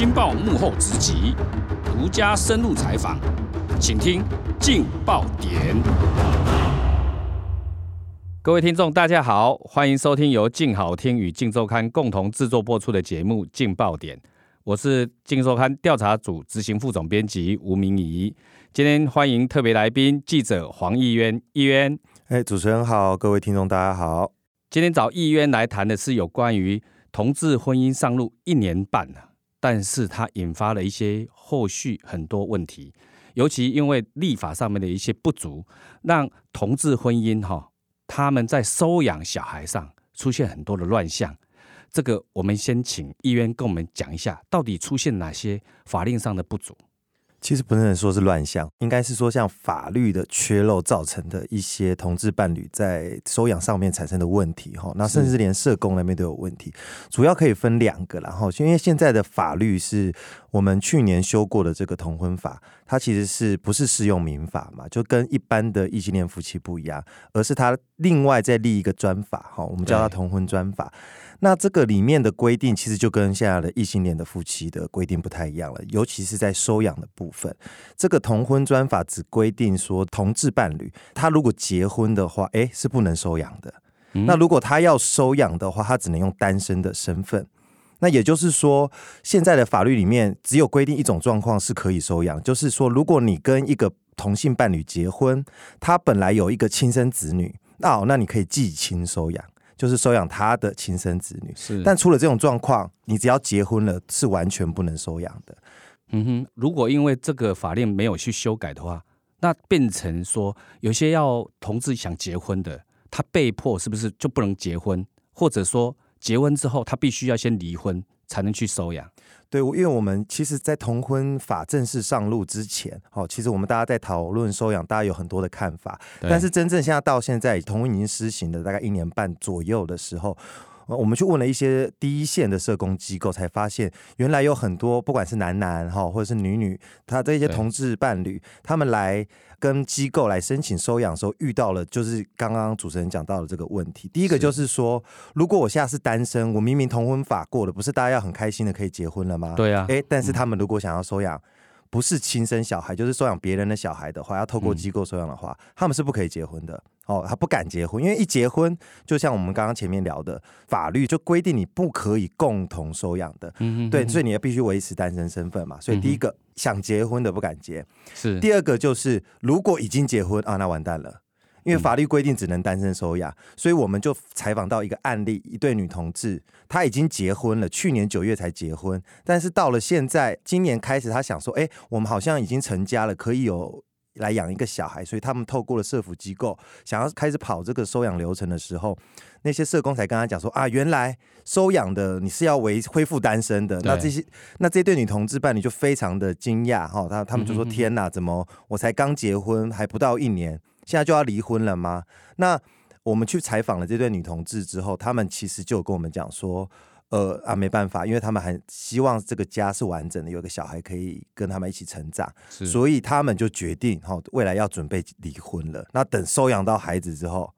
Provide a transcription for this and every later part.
《鏡報》幕後直擊，獨家深入採訪，請聽《鏡爆點》。各位聽眾，大家好，歡迎收聽由《鏡好聽》與《鏡週刊》共同製作播出的節目《鏡爆點》。我是《鏡週刊》調查組執行副總編輯吳明儀。今天歡迎特別來賓記者黃義淵，義淵。哎、欸，主持人好，各位聽眾大家好。今天找義淵來談的是有關於同志婚姻上路一年半了，啊。但是它引發了一些後續很多問題，尤其因為立法上面的一些不足，讓同志婚姻哈他們在收養小孩上出現很多的亂象。這個我們先請議員跟我們講一下，到底出現哪些法令上的不足。其實不能說是亂象，應該是說像法律的缺漏造成的一些同志伴侶在收養上面產生的問題哈，那甚至連社工那邊都有問題。主要可以分兩個，然後因為現在的法律是我們去年修過的這個同婚法，它其實是不是適用民法嘛，就跟一般的異性戀夫妻不一樣，而是它另外再立一個專法哈，我們叫它同婚專法。那這個裡面的規定，其實就跟現在的異性戀的夫妻的規定不太一樣了，尤其是在收養的部分。這個同婚專法只規定說，同志伴侶他如果結婚的話，哎，是不能收養的，嗯。那如果他要收養的話，他只能用單身的身份。那也就是說，現在的法律裡面只有規定一種狀況是可以收養，就是說，如果你跟一個同性伴侶結婚，他本來有一個親生子女，那、哦、好，那你可以繼親收養。就是收養他的親生子女，是。但除了這種狀況，你只要結婚了，是完全不能收養的。嗯哼，如果因為這個法令沒有去修改的話，那變成說，有些要同志想結婚的，他被迫是不是就不能結婚？或者說，結婚之後他必須要先離婚？才能去收養，對，因為我們其實，在同婚法正式上路之前，哦，其實我們大家在討論收養，大家有很多的看法，但是真正現在到現在，同婚已經施行了大概一年半左右的時候。我們去問了一些第一線的社工機構，才發現原來有很多不管是男男哈，或者是女女，他這些同志伴侶，他們來跟機構來申請收養的時候，遇到了就是剛剛主持人講到的這個問題。第一個就是說是，如果我現在是單身，我明明同婚法過了，不是大家要很開心的可以結婚了嗎？對呀、誒，但是他們如果想要收養。嗯嗯不是親生小孩，就是收養別人的小孩的話，要透過機構收養的話，嗯、他們是不可以結婚的哦。他不敢結婚，因為一結婚，就像我們剛剛前面聊的，法律就規定你不可以共同收養的，嗯、哼哼，對，所以你要必須維持單身身份嘛。所以第一個、嗯、想結婚的不敢結，是，第二個就是如果已經結婚啊，那完蛋了。因為法律規定只能單身收養、嗯，所以我們就採訪到一個案例，一對女同志，她已經結婚了，去年九月才結婚，但是到了現在，今年開始，她想說，哎、欸，我們好像已經成家了，可以有來養一個小孩，所以他們透過了社福機構，想要開始跑這個收養流程的時候，那些社工才跟她講說，啊，原來收養的你是要為恢復單身的，那這些那這對女同志伴侶就非常的驚訝，哈，她他們就說，嗯嗯嗯天哪、啊，怎麼我才剛結婚，還不到一年。現在就要離婚了嗎？那我們去採訪了這對女同志之後，他們其實就跟我們講說，呃啊，沒辦法，因為他們還希望這個家是完整的，有個小孩可以跟他們一起成長，所以他們就決定哈、哦，未來要準備離婚了。那等收養到孩子之後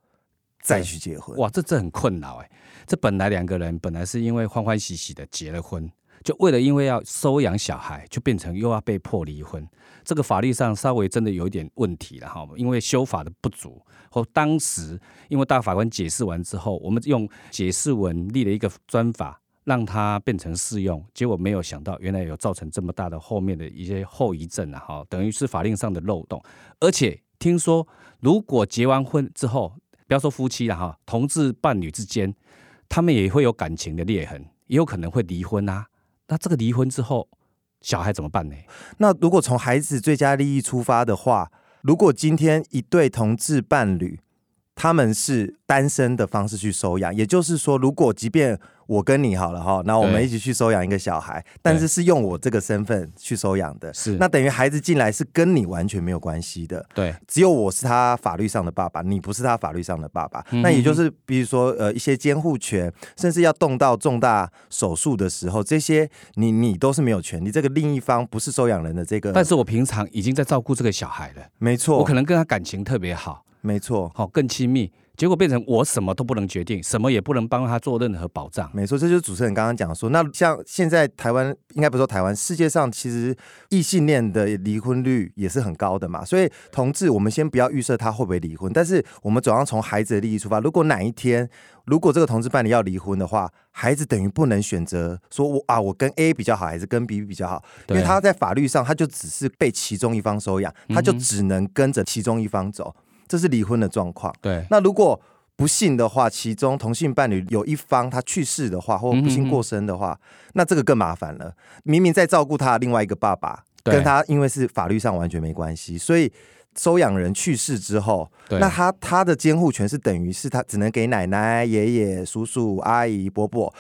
再去結婚，哇，這這很困擾哎，這本來兩個人本來是因為歡歡喜喜的結了婚。就為了因為要收養小孩，就變成又要被迫離婚，這個法律上稍微真的有一點問題了哈。因為修法的不足，或當時因為大法官解釋完之後，我們用解釋文立了一個專法，讓它變成適用。結果沒有想到，原來有造成這麼大的後面的一些後遺症了哈。等於是法令上的漏洞，而且聽說如果結完婚之後，不要說夫妻了哈，同志伴侶之間，他們也會有感情的裂痕，也有可能會離婚啊。那這個離婚之後，小孩怎麼辦呢？那如果從孩子最佳利益出發的話，如果今天一對同志伴侶，他們是單身的方式去收養，也就是說，如果即便。我跟你好了哈，那我們一起去收養一個小孩，但是是用我這個身份去收養的，是那等於孩子進來是跟你完全沒有關係的，對，只有我是他法律上的爸爸，你不是他法律上的爸爸，嗯、那也就是比如說呃一些監護權，甚至要動到重大手術的時候，這些你你都是沒有權利，這個另一方不是收養人的這個，但是我平常已經在照顧這個小孩了，沒錯，我可能跟他感情特別好，沒錯，好更親密。結果變成我什麼都不能決定，什麼也不能幫他做任何保障。沒錯，這就是主持人剛剛講的說，那像現在台灣應該不是說台灣，世界上其實異性戀的離婚率也是很高的嘛。所以同志，我們先不要預設他會不會離婚，但是我們總要從孩子的利益出發。如果哪一天，如果這個同志伴侶要離婚的話，孩子等於不能選擇說我啊，我跟 A 比較好，還是跟 B B 比較好。對啊，因為他在法律上他就只是被其中一方收養，他就只能跟着其中一方走。嗯這是離婚的狀況。對，那如果不幸的話，其中同性伴侶有一方他去世的話，或不幸過身的話，嗯嗯嗯，那這個更麻煩了。明明在照顧他另外一個爸爸，跟他因為是法律上完全沒關係，所以收養人去世之後，那他他的監護權是等於是他只能給奶奶、爺爺、叔叔、阿姨、伯伯，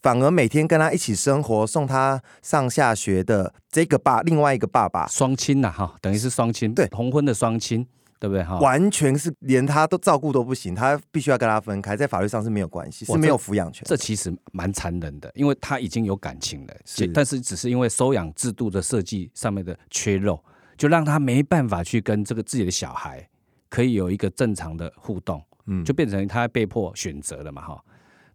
反而每天跟他一起生活、送他上下學的這個爸，另外一個爸爸，雙親吶，哈，等於是雙親，對，同婚的雙親。對不對哈？完全是連他都照顧都不行，他必須要跟他分開，在法律上是沒有關係，是沒有撫養權。這。這其實蠻殘忍的，因為他已經有感情了，是，但是只是因為收養制度的設計上面的缺漏，就讓他沒辦法去跟這個自己的小孩可以有一個正常的互動，嗯，就變成他被迫選擇了嘛，哈。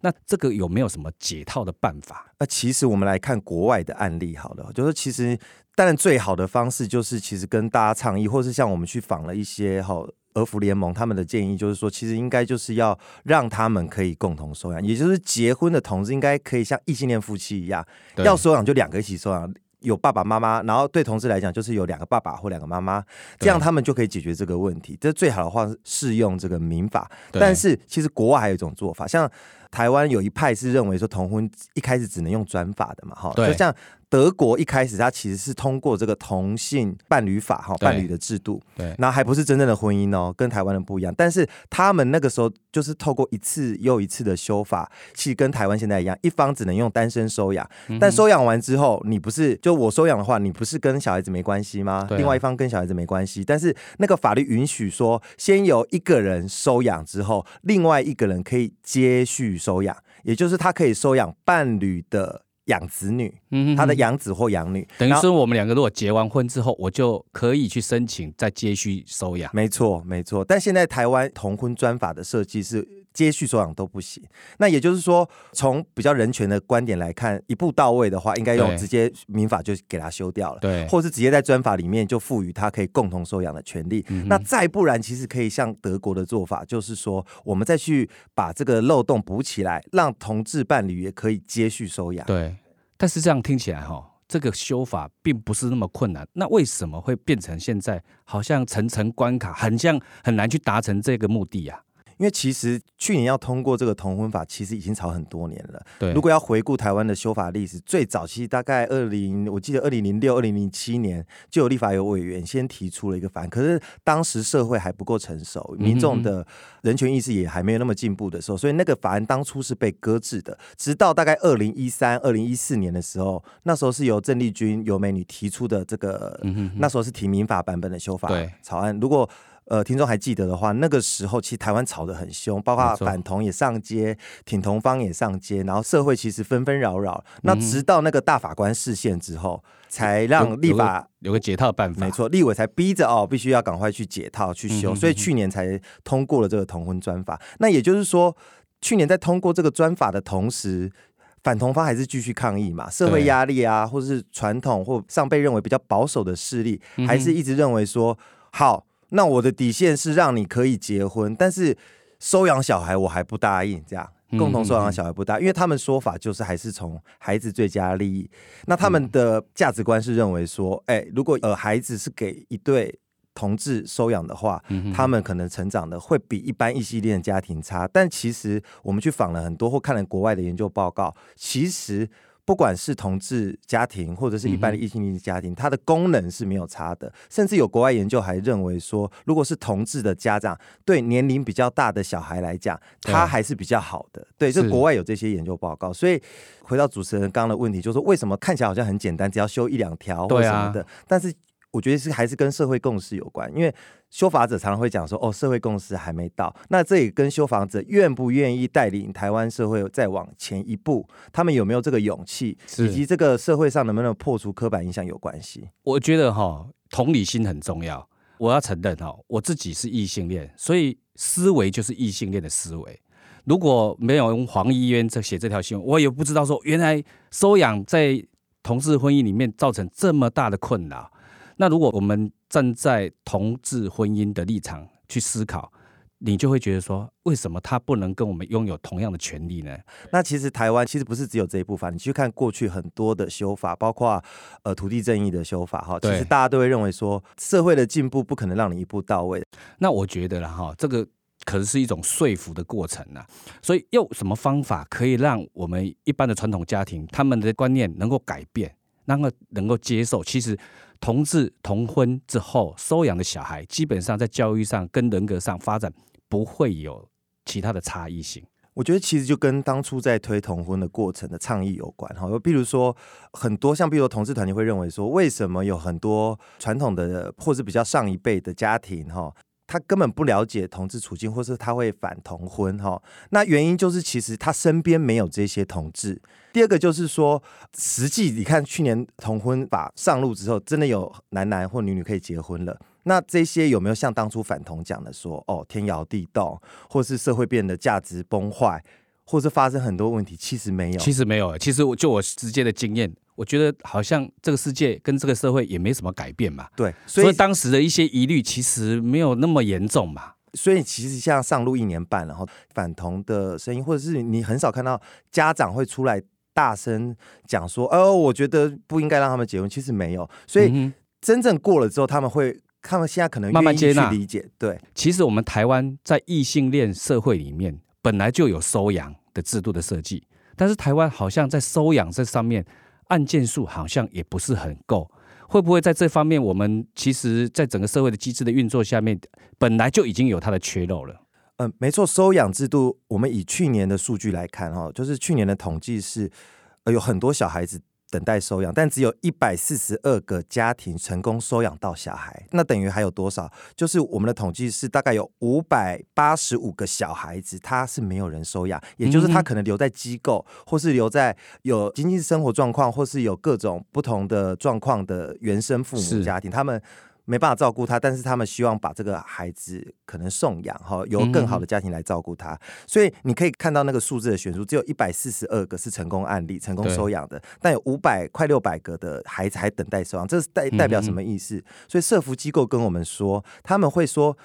那這個有沒有什麼解套的辦法？那、啊、其實我們來看國外的案例好了，就是其實當然最好的方式就是其實跟大家倡議，或是像我們去訪了一些哈、哦、兒福聯盟，他們的建議就是說，其實應該就是要讓他們可以共同收養、嗯，也就是結婚的同志應該可以像異性戀夫妻一樣，要收養就兩個一起收養。有爸爸媽媽，然後對同志來講，就是有兩個爸爸或兩個媽媽，這樣他們就可以解決這個問題。這最好的話是用這個民法，但是其實國外還有一種做法，像台灣有一派是認為說同婚一開始只能用專法的嘛，哈、哦，就像。德國一開始，它其實是通過這個同性伴侶法哈，伴侶的制度，對，對，然後還不是真正的婚姻哦，跟台灣人不一樣。但是他們那個時候就是透過一次又一次的修法，其實跟台灣現在一樣，一方只能用單身收養、嗯，但收養完之後，你不是就我收養的話，你不是跟小孩子沒關係嗎、啊？另外一方跟小孩子沒關係，但是那個法律允許說，先由一個人收養之後，另外一個人可以接續收養，也就是他可以收養伴侶的。養子女、嗯，他的養子或養女，等於是我們兩個如果結完婚之後，然後，我就可以去申請再接續收養。沒錯，沒錯。但現在台灣同婚專法的設計是接續收養都不行。那也就是說，從比較人權的觀點來看，一步到位的話，應該用直接民法就給他修掉了，對，或是直接在專法裡面就賦予他可以共同收養的權利。嗯、那再不然，其實可以像德國的做法，就是說我們再去把這個漏洞補起來，讓同志伴侶也可以接續收養。對。但是這樣聽起來，哈，這個修法並不是那麼困難。那為什麼會變成現在好像層層關卡，很像很難去達成這個目的呀、啊？因為其實去年要通過這個同婚法，其實已經吵很多年了。對，如果要回顧台灣的修法歷史，最早期大概二零，我記得二零零六、二零零七年就有立法有委員先提出了一個法案，可是當時社會還不夠成熟，民眾的人權意識也還沒有那麼進步的時候、嗯，所以那個法案當初是被擱置的。直到大概二零一三、二零一四年的時候，那時候是由鄭麗君、尤美女提出的這個，嗯、哼哼那時候是提民法版本的修法對草案。如果呃，聽眾還記得的話，那個時候其實台灣吵得很凶，包括反同也上街，挺同方也上街，然後社會其實紛紛擾擾。嗯、那直到那個大法官釋憲之後，才讓立法有，有，個有個解套辦法。沒錯，立委才逼着哦，必須要趕快去解套去修，嗯哼嗯哼，所以去年才通過了這個同婚專法。那也就是說，去年在通過這個專法的同時，反同方還是繼續抗議嘛？社會壓力啊，或者是傳統或上被認為比較保守的勢力，嗯、還是一直認為說好。那我的底線是讓你可以結婚，但是收養小孩我還不答應。這樣共同收養小孩不答應，因為他們說法就是還是從孩子最佳利益。那他們的價值觀是認為說，哎、欸，如果呃孩子是給一對同志收養的話，他們可能成長的會比一般異性戀的家庭差。但其實我們去訪了很多或看了國外的研究報告，其實。不管是同志家庭或者是一般的異性戀家庭，嗯，它的功能是沒有差的。甚至有國外研究還認為說，如果是同志的家長，對年齡比較大的小孩來講，他還是比較好的對。對，就國外有這些研究報告。所以回到主持人剛的問題，就是為什麼看起來好像很簡單，只要修一兩條或什麼的，啊、但是。我覺得是還是跟社會共識有關，因為修法者常常會講說：“哦，社會共識還沒到。”那這也跟修法者願不願意帶領台灣社會再往前一步，他們有沒有這個勇氣，以及這個社會上能不能破除刻板印象有關係。我覺得哈，同理心很重要。我要承認哈，我自己是異性戀，所以思維就是異性戀的思維。如果沒有用黃依淵在寫這條新聞，我也不知道說原來收養在同志婚姻裡面造成這麼大的困擾。那如果我們站在同志婚姻的立場去思考，你就會覺得說，為什麼他不能跟我們擁有同樣的權利呢？那其實台灣其實不是只有這一部法，你去看過去很多的修法，包括呃土地正義的修法哈，其實大家都會認為說，社會的進步不可能讓你一步到位。那我覺得了哈，這個可是，是一種說服的過程啊。所以用什麼方法可以讓我們一般的傳統家庭他們的觀念能夠改變，能夠能夠接受？其實。同志同婚之後收養的小孩，基本上在教育上跟人格上發展不會有其他的差異性。我覺得其實就跟當初在推同婚的過程的倡議有關哈。又、哦、比如說很多像，比如說同志團體會認為說，為什麼有很多傳統的或是比較上一輩的家庭哈？哦他根本不了解同志處境，或是他會反同婚哈、哦。那原因就是其實他身邊沒有這些同志。第二個就是說，實際你看去年同婚法上路之後，真的有男男或女女可以結婚了。那這些有沒有像當初反同講的說哦，天搖地動，或是社會變得價值崩壞，或是發生很多問題？其實沒有，其實沒有，其實我就我之間的經驗。我覺得好像這個世界跟這個社會也沒什麼改變嘛。對，所以，所以當時的一些疑慮其實沒有那麼嚴重嘛。所以其實像上路一年半，然後反同的聲音，或者是你很少看到家長會出來大聲講說：“哦，我覺得不應該讓他們結婚。”其實沒有。所以、嗯、真正過了之後，他們會，他們現在可能慢慢接納、理解。對，其實我們台灣在異性戀社會裡面本來就有收養的制度的設計，但是台灣好像在收養這上面。案件數好像也不是很夠，會不會在這方面，我們其實，在整個社會的機制的運作下面，本來就已經有它的缺漏了？嗯，沒錯，收養制度，我們以去年的數據來看，哈，就是去年的統計是，呃，有很多小孩子。等待收養，但只有一百四十二個家庭成功收養到小孩，那等於還有多少？就是我們的統計是大概有五百八十五個小孩子，他是沒有人收養，也就是他可能留在機構，或是留在有經濟生活狀況，或是有各種不同的狀況的原生父母家庭，他們。沒辦法照顧他，但是他們希望把這個孩子可能送養哈、哦，由更好的家庭來照顧他嗯嗯。所以你可以看到那個數字的懸殊，只有一百四十二個是成功案例，成功收養的，但有五百快六百個的孩子還等待收養，這是代代表什麼意思嗯嗯嗯？所以社福機構跟我們說，他們會說。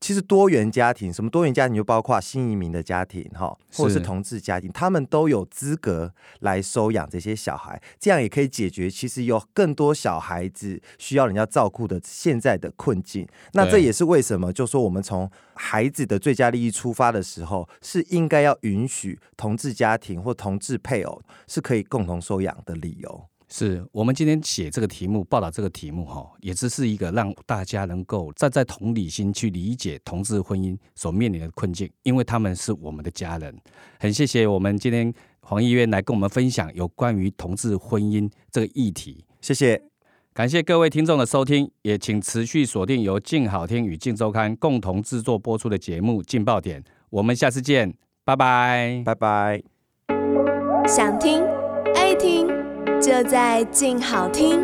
其實多元家庭，什麼多元家庭就包括新移民的家庭哈，或者是同志家庭，他們都有資格來收養這些小孩，這樣也可以解決其實有更多小孩子需要人家照顧的現在的困境。那這也是為什麼，就說我們從孩子的最佳利益出發的時候，是應該要允許同志家庭或同志配偶是可以共同收養的理由。是我們今天寫這個題目、報道這個題目，哈，也只是一個讓大家能夠站在同理心去理解同志婚姻所面臨的困境，因為他們是我們的家人。很謝謝我們今天黃議員來跟我們分享有關於同志婚姻這個議題。謝謝，感謝各位聽眾的收聽，也請持續鎖定由鏡好聽與鏡週刊共同制作播出的節目《鏡爆點》，我們下次見，拜拜，拜拜。想聽，愛聽。就在靜好聽。